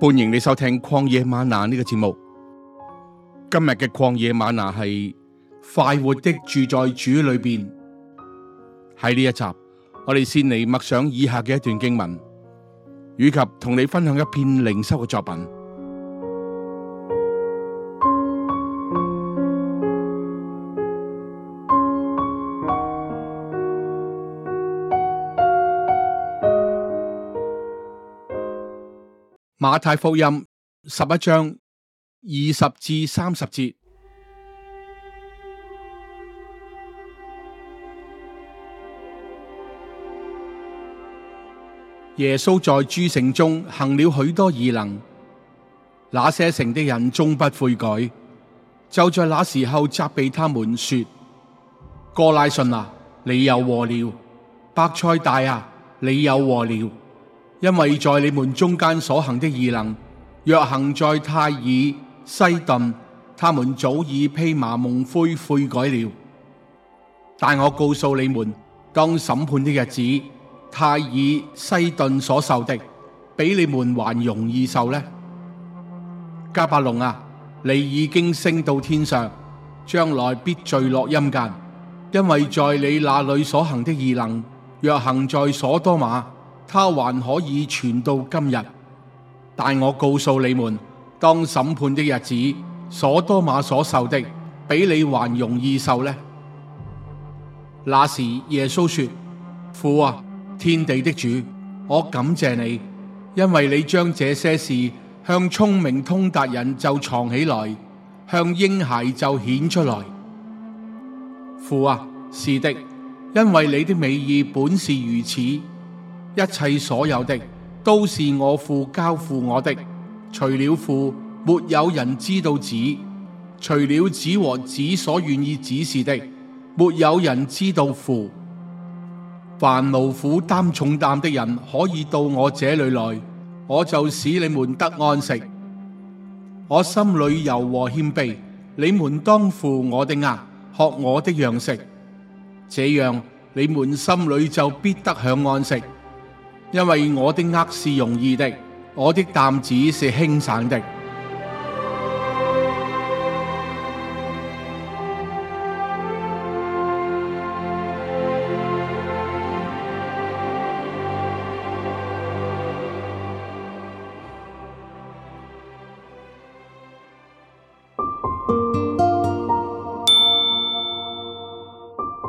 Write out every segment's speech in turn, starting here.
歡迎你收聽曠野嗎哪呢、這個節目。今日嘅曠野嗎哪係快活的住在主裏面。喺呢一集，我哋先嚟默想以下嘅一段經文，以及同你分享一篇靈修嘅作品。馬太福音十一章二十至三十節，耶穌在諸城中行了許多異能，那些城的人終不悔改。就在那時候，責備他們說：哥拉汛啊，你有禍了；伯賽大啊，你有禍了。因為在你們中間所行的異能，若行在太爾西頓，他們早已披麻蒙灰悔改了。但我告訴你們，當審判的日子，太爾西頓所受的，比你們還容易受呢。加百隆啊，你已經升到天上，將來必墜落陰間，因為在你那裏所行的異能，若行在所多瑪。他還可以傳到今日，但我告訴你們，當審判的日子，所多瑪所受的比你還容易受呢。那時耶穌說：父啊，天地的主，我感謝你，因為你將這些事向聰明通達人就藏起來，向嬰孩就顯出來。父啊，是的，因為你的美意本是如此。一切所有的都是我父交付我的，除了父，沒有人知道子；除了子和子所願意指示的，沒有人知道父。凡勞苦擔重擔的人，可以到我這裏來，我就使你們得安息。我心裏柔和謙卑，你們當負我的軛，學我的樣式，這樣你們心裏就必得享安息。因為我的軛是容易的，我的擔子是輕省的。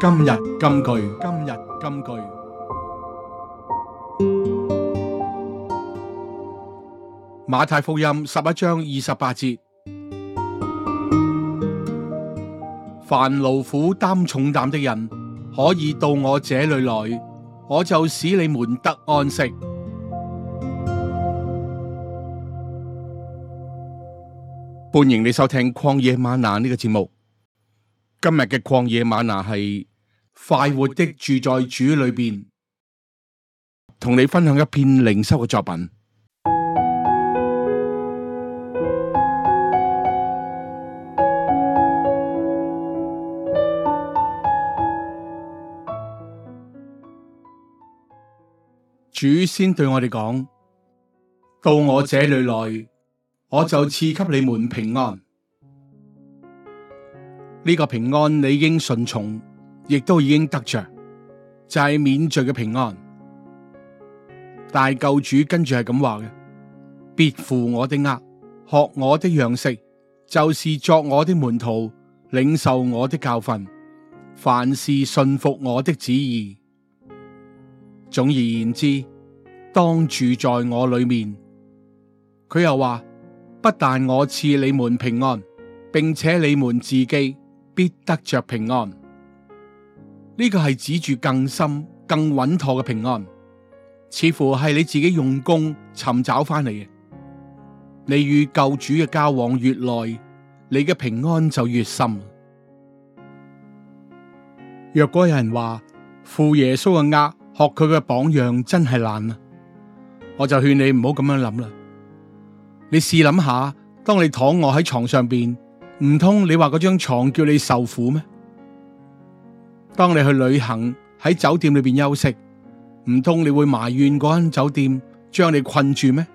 今日金句，今日金句。馬太福音十一章二十八節：凡勞苦擔重擔的人，可以到我這裏來，我就使你們得安息。歡迎你收聽曠野嗎哪呢、這個節目。今日嘅曠野嗎哪係快活的住在主裡面，同你分享一篇靈修嘅作品。主先對我哋講：到我這裏來，我就賜給你們平安。呢、這個平安，你應順從，亦都已經得着，就係、是、免罪嘅平安。大救主跟住係咁話嘅：別負我的軛，學我的樣式，就是作我的門徒，領受我的教訓，凡事順服我的旨意。總而言之，當住在我裏面，佢又話：不但我賜你們平安，並且你們自己必得着平安。呢個係指住更深、更穩妥嘅平安，似乎係你自己用功尋找翻嚟嘅。你與救主嘅交往越耐，你嘅平安就越深。若果有人話負耶穌嘅軛，學佢嘅榜樣真係難啊！我就勸你唔好咁樣諗啦。你試諗下，當你躺卧喺床上邊，唔通你話嗰張床叫你受苦咩？當你去旅行喺酒店裏邊休息，唔通你會埋怨嗰間酒店將你困住咩？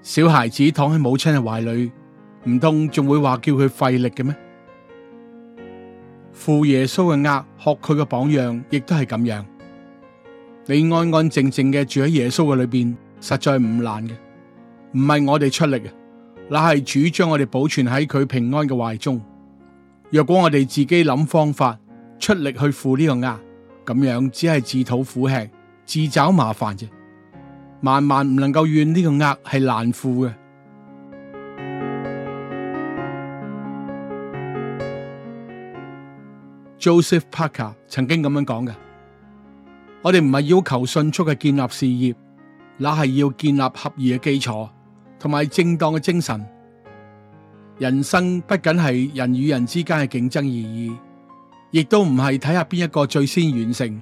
小孩子躺喺母親嘅懷裏，唔通仲會話叫佢費力嘅咩？負耶穌嘅軛，學佢嘅榜樣，亦都係咁樣。你安安靜靜嘅住喺耶穌嘅裏邊，實在唔難嘅，唔係我哋出力嘅，那係主將我哋保存喺佢平安嘅懷中。若果我哋自己諗方法出力去負呢個軛，咁樣只係自討苦吃，自找麻煩啫。萬萬唔能夠怨呢個軛係難負嘅。Joseph Parker 曾經咁樣講嘅。我哋唔係要求迅速嘅建立事業，那係要建立合意嘅基礎，同埋正當嘅精神。人生不僅係人與人之間嘅競爭而已，亦都唔係睇下邊一個最先完成，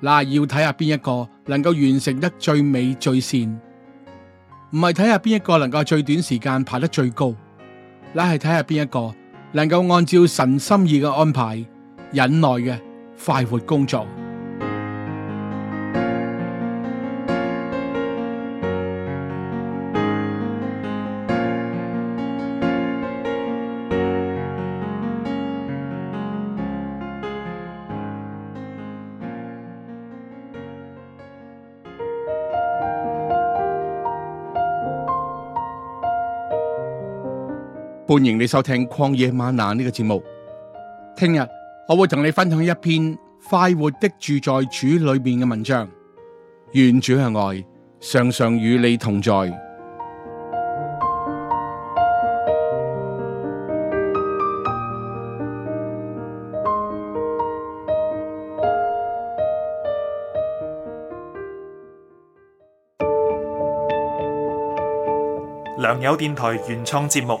那要睇下邊一個能夠完成得最美最善，唔係睇下邊一個能夠最短時間排得最高，那係睇下邊一個能夠按照神心意嘅安排，忍耐嘅快活工作。歡迎你收聽曠野嗎哪呢個節目。聽日我會同你分享一篇快活的住在主裡面嘅文章。願主嘅愛，常常與你同在。良友電台原創節目。